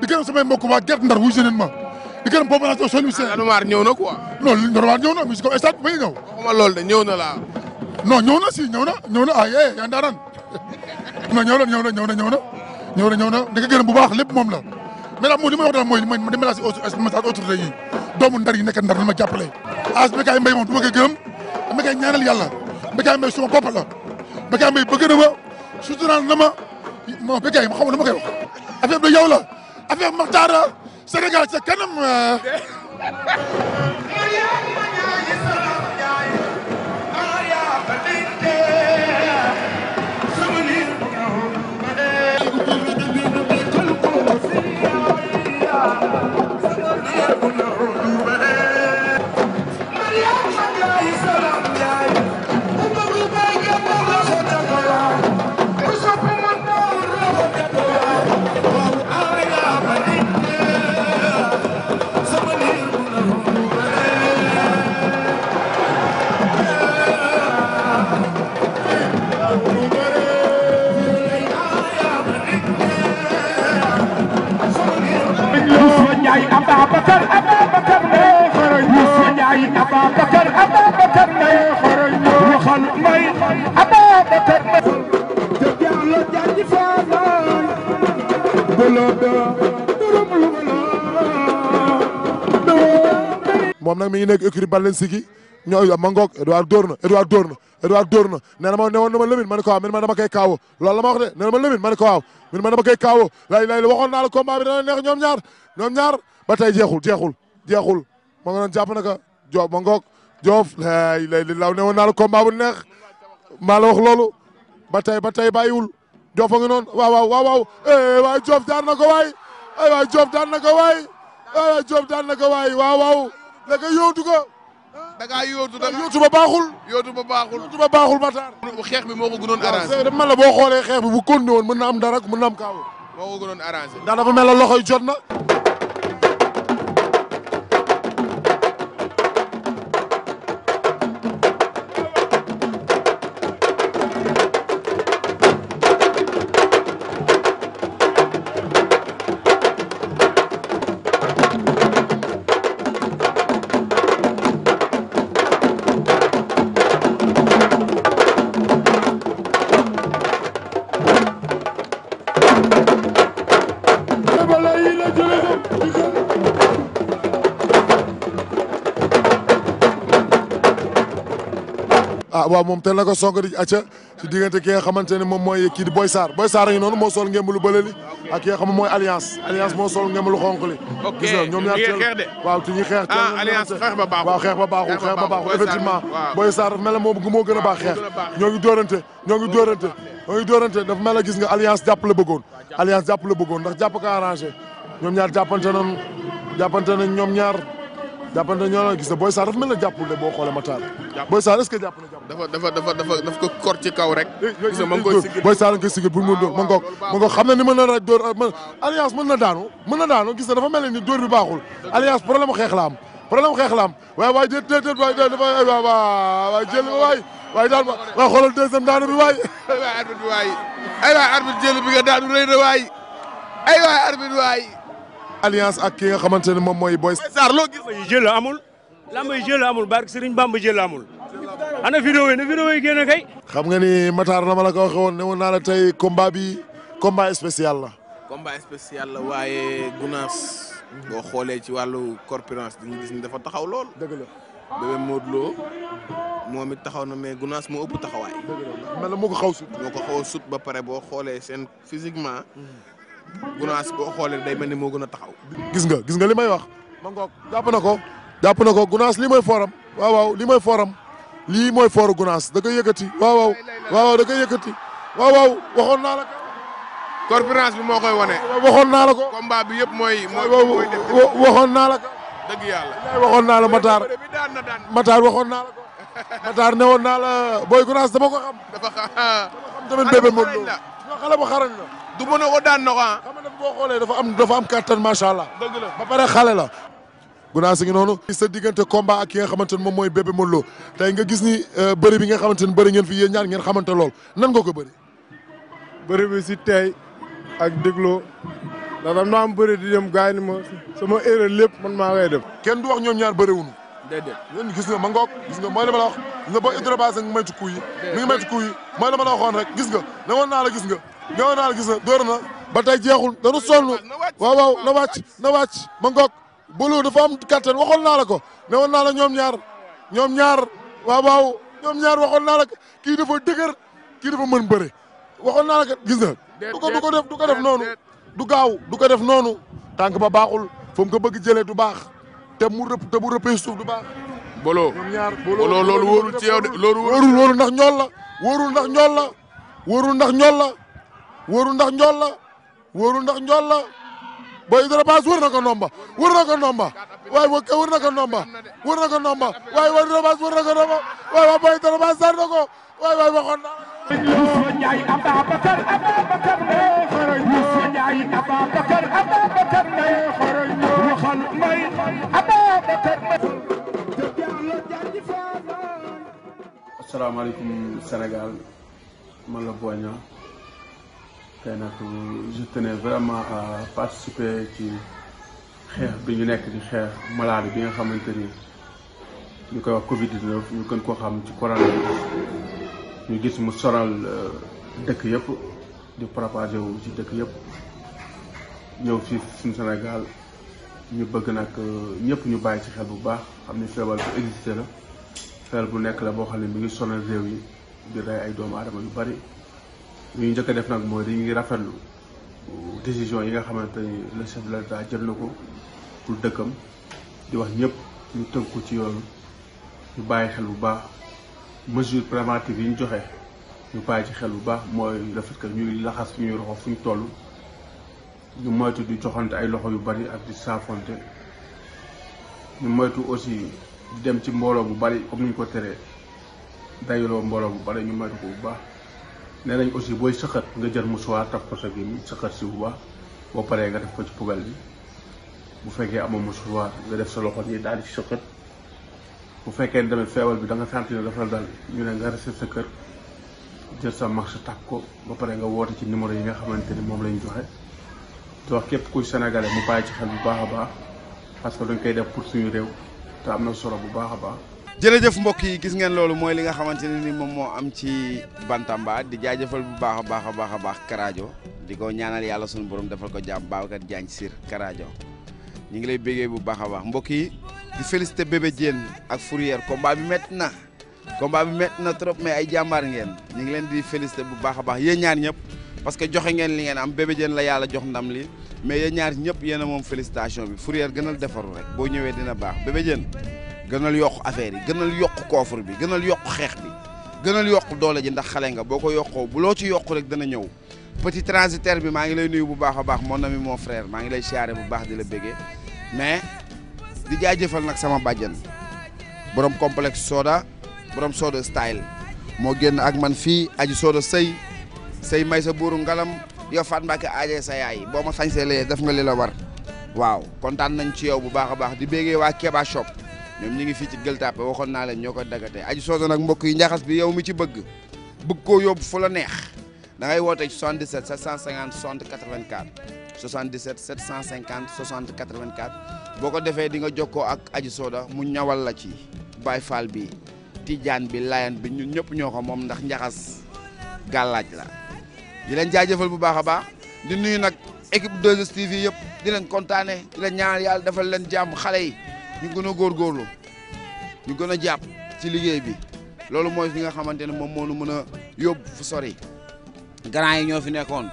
di gërëm samay mbokk waa gerte ndar wuy seeneen ma di gërëm population sonu na quoi non Larou Mar ñëw na mi si ko stade bi may ñëw waxuma loolu na la non ñëw na si ñëw na ñëw na ah yee eh, yaa ndaa non ñëw na ñëw na ñëw na ñëw na ñëw na ñëw na di bu baax lépp moom la mais mooy li ma wax daal mooy li ma déménagé autorité yi doomu ndar yi nekk ndar nañ ma jàppale. as Bécaye Mbaye moom du ma koy gërëm dama koy ñaanal yàlla Bécaye Mbaye suma bopp la Bécaye Mbaye bëgg na ma suturaal na ma non Bécaye ma xamul lu ma koy wax affaire bi yow la affaire Makhtar Sénégal ca kanam. ñi nekk écurie Balla Sigi ñoo ma ngoog Edouard dóor na Edouard dóor na Edouard dóor na nee na ma ne woon na ma Lamine ma ne ko waaw man ma dama koy kaawoo loolu la ma wax de nee na ma Lamine ma ne ko waaw man ma dama koy kaawoo lay lay la combat bi dana neex ñoom ñaar ñoom ñaar ba tey jeexul jeexul jeexul ma nga doon jàpp naka Joob ma ngoog Joof ba tey ba tey bàyyiwul Joof a ngi noonu waaw waaw waaw waaw na ko waay ay waay Joof daan na ko waay ay eh, waay da nga yóotu ko. da ngaa yóotu da nga yóotu ba baaxul. yóotu ba baaxul yóotu ba baaxul Matar. xeex bi moo ko gënoon arrangé. mala boo xoolee xeex bi bu continué woon mën na am dara mën na am kaaw. moo ko gënoon arrangé. ndax dafa mel ne loxo yi jot ah waaw moom teel na ko a di acca ci diggante ki xamante ne moom mooy kii Boy Sarr Boy Sarr a ngi noonu moo sol ngemb lu bële li ak ki mooy Alliance Alliance moo sol ngemb lu xonq waaw ci ñuy xeex ah Alliance xeex ba baaxul xeex ba baaxul effectivement Boy Sarr dafa mel ne moom moo gën a baax xeex ñoo ngi dóorante ñoo ngi dóorante ñoo dafa mel ne gis nga Alliance jàpp la bëggoon Alliance jàpp la bëggoon ndax jàpp ko arrangé ñoom ñaar jàppante jàppante ñoo la gis ne Boy Sarr dafa mel ne jàppul de boo xoolee a jàpp Boy Sarr est-ce que jàpp na jàpp. dafa dafa dafa dafa dafa ko kor ci kaw rek. Eh, eh, eh, ah, xam na ni mën na dóor alliance mën na daanu mën na daanu gis dafa mel ne ni bi baaxul. alliance problème xeex la waaye waaye déet déet déet waaye dafa waaw waaye daanu bi waay. ay waay arbitre bi alliance ak ki nga xamante ne moom mooy Boy Sarr loo jël amul lamb yi jël amul barke Serigne Bamba jël amul ana vidéo yi na vidéo yi génn kay xam nga ni Matar la ma la ko waxee ne woon naa la tey combat bi combat spécial la combat spécial la waaye Gunaas boo xoolee ci wàllu corpulence di nga gis ni dafa taxaw lool dëgg la bébé Modou Lo moom it taxaw na mais Gunaas moo ëpp taxawaay dëgg la ko xaw sut moo ko xaw sut ba pare boo xoolee seen physiquement mm-hmm. Gunaas boo xoolee day mel ni moo gën a taxaw. gis nga gis nga li may wax ma ngoog na ko jàpp na ko Gunaas li mooy fooram waaw waaw lii mooy fooram lii mooy fooru Gunaas da koy yëkkati waaw waaw waaw da koy waxoon naa la bi moo koy wane. waxoon naa la ko. combat bi yëpp mooy. mooy waxoon naa la yàlla waxoon naa la Matar Matar waxoon naa la ko. Matar newoon Gunaas dama ko xam. dafa xam du mën a woo daan na ko ah. xoolee dafa am dafa am kattan macha allah. la ba pare xale la. gunaas ngi noonu. sa diggante combat ak ki nga xamante ne moom mooy Bébé Modou Lo tey nga gis ni euh, bëri bi nga xamante ne bëri ngeen fi yéen ñaar ngeen xamante lool nan nga ko bëri. bëri bi si tey ak dégloo ndax dam naa di dem gars yi ni ma sama erreur lépp man maa ngay dem. kenn du wax ñoom ñaar bëriwunu. déedéet ñun gis nga ma ngoog gis nga mooy li ma la wax gis nga boo hydrobase nga moytu kuy yi ma la rek gis nga ne woon naa la gis nga ñëw naa gis na dóor na ba tey jeexul dañu sonn waaw waaw na wàcc na wàcc ma ngoog bulu dafa am kattan waxoon naa la ko ne woon naa la ñoom ñaar ñoom ñaar waaw waaw ñoom ñaar waxoon naa la ko kii dafa dëgër kii dafa mën bëre waxoon naa la ko gis na du ko du ko def du noonu du gaaw du ko def noonu tànk ba baaxul fu mu bëgg jëlee du baax te mu rëpp te bu rëppee suuf du baax bolo bolo loolu wóorul ci yow ndax ñool la wóorul ndax ñool la wóorul ndax ñool la wóoru ndax njool la wóoru ndax njool la Boy Hydra Bass wër na ko nomba wër na ko nomba waaye wa wër na ko nomba wër na ko nomba waaye Boy Hydra Bass wër na ko nomba waaye wa Boy Hydra Bass sar na ko waaye waaye waxoon na Ndiaye Ababacar Ababacar ngay xarañ Ndiaye Ababacar Ababacar ngay xarañ waxal may Ababacar asalaamaaleykum Sénégal man la Boy Niang te nag je tenais vraiment à participer ci xeex bi ñu nekk di xeex maladie bi nga xamante ni ñu koy wax Covid 19 ñu gën koo xam ci coronavirus ñu gis mu sonal euh, dëkk yëpp di propagé wu ci dëkk yëpp ñëw fii suñu Sénégal ñu bëgg nag euh, ñëpp ñu bàyyi ci xel bu baax xam ni feebar bu existé la bu nekk la boo xam ne mi ngi sonal réew yi di rey ay doomu aadama yu bari. li ñu njëkk a def nag mooy dañuy rafetlu décision yi nga xamante ni le chef de jël na ko pour dëkkam di wax ñëpp ñu ko ci yoon ñu bàyyi xel bu baax mesure préventive yi ñu joxe ñu bàyyi ci xel bu baax mooy le fait que ñuy laxas suñuy loxo fu ñu toll ñu moytu di joxante ay loxo yu bari ak di saafonte ñu moytu aussi di dem ci mbooloo bu bari comme ni ñu ko teree dajaloo mbooloo bu bari ñu moytu ko bu baax. nee ñu aussi booy sëqat nga jël mouchoir taf ko sa gémmiñ sëqat si bu paree nga def ko ci poubelle bi bu fekkee amoo mouchoir nga def sa loxo nii daal di ci sëqat bu fekkee tamit feewal bi da nga sant ne dafa la dal ñu ne nga resté sa kër jël sa marché taf ko ba pare nga woote ci numéro yi nga xamante ni moom lañ joxe te képp kuy sénégalais mu bàyyi ci xel bu baax a baax parce que dañ koy def pour suñu réew te am na solo bu baax a baax jërëjëf mbokk yi gis ngeen loolu mooy li nga xamante ne ni moom moo am ci bantambaa di jaajëfal bu baax a baax a baax a baax Karajo di ko ñaanal yàlla sunu borom defal ko jàmm Babacar Diagne Sir Karajo ñu ngi lay béggee bu baax a baax mbokk yi di félicité bébé Diène ak Fourière combat bi métti na combat bi métti na trop mais ay jàmbaar ngeen ñu ngi leen di félicité bu baax a baax yéen ñaar ñëpp parce que joxe ngeen li ngeen am bébé Diène la yàlla jox ndam li mais ñaar ñëpp yéen moom félicitation bi Fourière gënal defaru boo ñëwee dina baax bébé Diène gënal yokk affaire yi gënal yokk coffre bi gënal yokk xeex bi gënal yokk doole ji ndax xale nga boo ko yokkoo bu loo ci yokk rek dana ñëw petit transitaire bi maa ngi lay nuyu bu baax a baax mon ami moo frère maa ngi lay siyaare bu baax di la béggee mais di jaajëfal nag sama bàjjan borom complexe sooda borom soda style moo génn ak man fii aji soda say sëy may sa buuru ngalam yow Fatou Mbacke aajee sa yaay boo ma sañsee lee def nga li la war waaw kontaan nañ ci yow bu baax a baax di béggee waa Keba ñoom ñi ngi fii ci Gueule Tapée waxoon naa leen ñoo ko dagatee Aji Soose nag mbokk yi njaxas bi yow mi ci bëgg bëgg koo yóbbu fu la neex da ngay woote 77 750 60 84 77 750 60 84 boo ko defee di nga jokkoo ak Aji Soda mu ñawal la ci Baay Faal bi Tijaan bi Layan bi ñun ñëpp ñoo ko moom ndax njaxas gàllaaj la di leen jaajëfal bu baax a baax di nuyu nag équipe 2STV yëpp di leen kontaane di leen yàlla defal leen jàmm xale yi ñu gën a góorgóorlu ñu gën a jàpp ci liggéey bi loolu mooy li nga xamante ne moom moo nu mën a yóbbu fu sori grand yi ñoo fi nekkoon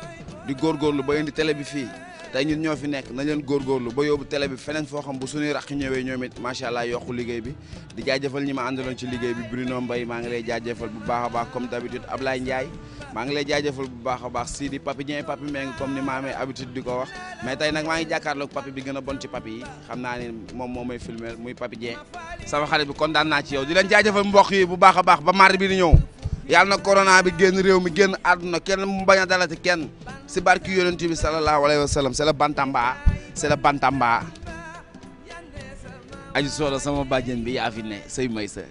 di góorgóorlu ba indi télé bi fii tey ñun ñoo fi nekk nañ leen góorgóorlu ba yóbbu télé bi feneen foo xam bu suñuy raq ñëwee ñoom it macha allah yokku liggéey bi di jaajëfal ñi ma àndaloon ci liggéey bi Bruno Mbaye maa ngi lay jaajëfal bu baax a baax comme d'habitude Ablaye Ndiaye maa ngi lay jaajëfal bu baax a Papi Dieng Papi Meng ni ma amee di ko wax mais nag maa ngi jàkkaarloog papi bi gën a bon ci papi yi xam naa ne moom moo may filmer muy Papi Dieng sama xarit bi kontaan naa ci yow di leen jaajafal mbokk yi bu baax baax ba mardi bi di ñëw yàlla na corona bi génn réew mi génn àdduna kenn mu bañ a dalati si barki yonent bi sallallahu alayhi wa sallam c'est le bantamba c'est le bantamba aji solo sama bàjjen bi yaa fi ne sëy may sa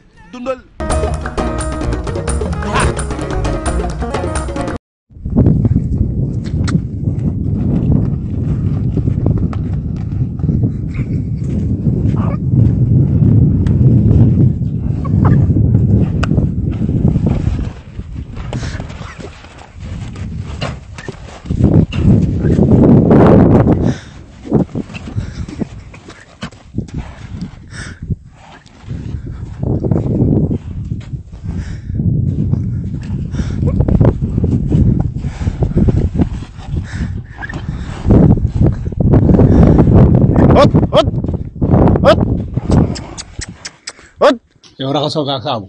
yow raxasoo nga saabu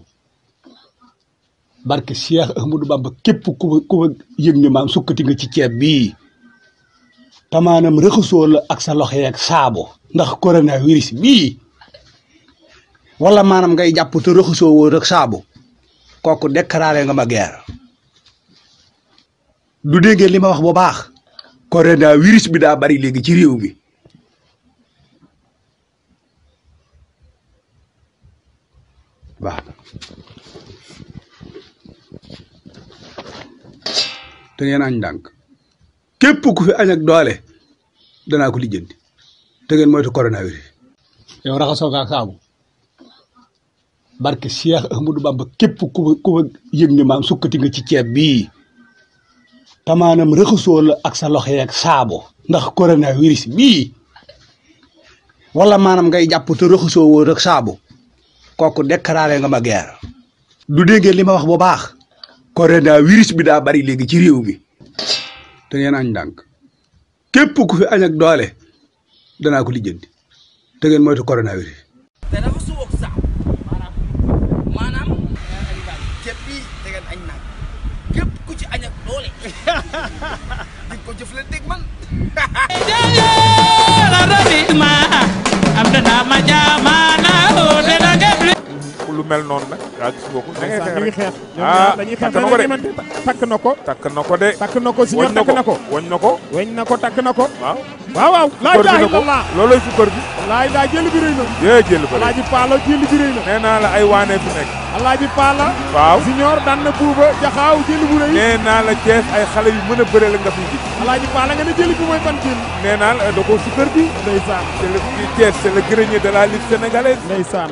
barke Cheikh Ahmadou Bamba képp ku ma ku ma yëg ne maam sukkati nga ci ceeb bii te maanaam raxasoo ak sa loxo yeeg saabu ndax coronavirus bii wala maanaam ngay jàpp te raxasoo woon saabu kooku déclaré nga ma guerre du déggee li ma wax bu baax coronavirus bi daa bari léegi ci réew mi baax na te ngeen añ ndànk képp ku fi añ ak doole danaa ko lijjanti te ngeen moytu coronavirus. yow raxasoo nga saabu barke Cheikh Ahmadou Bamba képp ku fa ku fa maam sukkati nga ci ceeb bii tamaanam raxasoo la ak loxo ak saabu ndax coronavirus bii wala maanaam ngay jàpp te raxasoo woo rek saabu. kooku déclaré nga ma guerre. du dégg li ma wax bu baax. corona virus bi bari léegi ci réew mi. te ngeen añ ndànk képp ku fi añ ak doole danaa ko lijjanti te ngeen moytu corona virus. te dafa suuf sax maanaam ceeb bi ko ma am na ma jaamaanaa oo de lu mel noonu nag. yaa gis nga ko da ngay xeex ah, na ko de takk na ko takk na ko de. takk na ko si ñoom takk na ko wañ na ko na ko takk na ko. waaw waaw waaw. laa ilaaha illallaah looloy sukkër bi. wallaahi daa jëli bi rëy na. yee Paala jëli bi rëy la ay waane fi nekk. alaaji Paala. waaw siñoor daan na buuba jaxaaw jëli bu rëy. nee naa la Cees ay xale yu mën a la nga fi gis. alaaji Paala nga ne jëli bi mooy ban jëli. nee naa la da koo sukkër bi. ndeysaan c'est le Cees c'est le grenier la lutte sénégalaise. ndeysaan.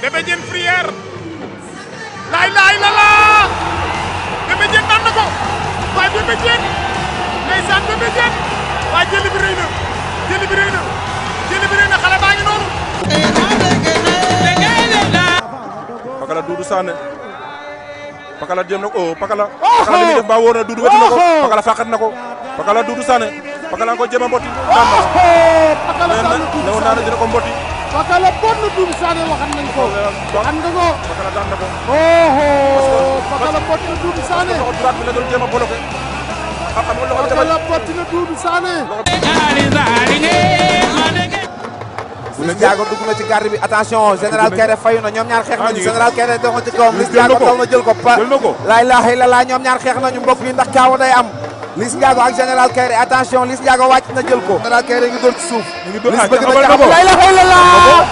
Bébé Diène Frière laay laay la laa Bébé Diène daan na ko waaye Bébé Diène ndeysaan Bébé Diène waaye jëli bi rëy na jëli bi rëy na jëli bi rëy na xale baa ngi noonu. Pakala Doudou Sané Pakala jëm na ko oh, Pakala. Pakala li muy def ba wóor na Doudou wetu na ko Pakala fàqat na ko Pakala Doudou Sané Pakala nga ko jéem a mbotti. daan na ko nee na newoon naa ne dina ko mbotti. Pakala bon na Doudou Sané waxan nañ ko. waxan nga ko. Pakala daan na ko. Pakala bot na Doudou Sané. loxo droite xam nga loxo dama Pakala bot na Doudou Sané. Liss Ndiago dugg na ci garde bi général Kéré fayu na ñoom ñaar xeex ah, nañu général Kéré doxoon ci kawam Liss Ndiago taw na jël ko pa la ilaha ñoom ñaar xeex nañu mbokk yi ndax kaawa day am Liss Ndiago ak général Kairé attention Liss Ndiago wàcc na jël ko. général Kairé ngi dóor ci suuf. mu ngi dóor ah jaxabal na ko lay la fay la laa.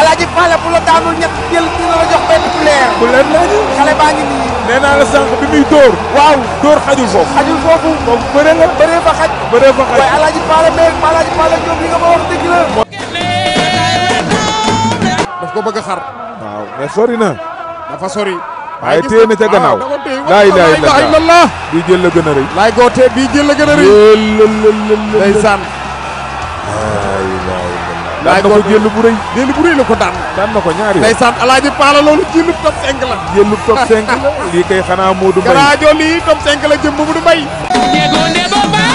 Alaaji Fallé bu la daanul ñett jël dina la jox benn puleer. puleer la ñu. xale baa ngi nii. nee naa la sànq bi muy dóor. waaw dóor xajul foofu. xajul foofu. foofu bëree la bëree fa xaj. bëree fa xaj waaye Alaaji Fallé mais Alaaji Fallé Diop li nga ma wax dëgg la. daf ko bëgg a xar. waaw mais sori na. dafa sori. waaye téye ca ah, gannaaw laa ilaaha illallah bii jël la gën a rëy laay goote bii jël la gën a rëy ndeysaan laa ilaaha illallah daan na ko jël bu rëy jël bu rëy la ko daan daan na ko ñaari ndeysaan alaaji paala loolu jëlub top 5 la jëlub top 5 lii kay xanaa Modou Mbaye garaajo jëm Modou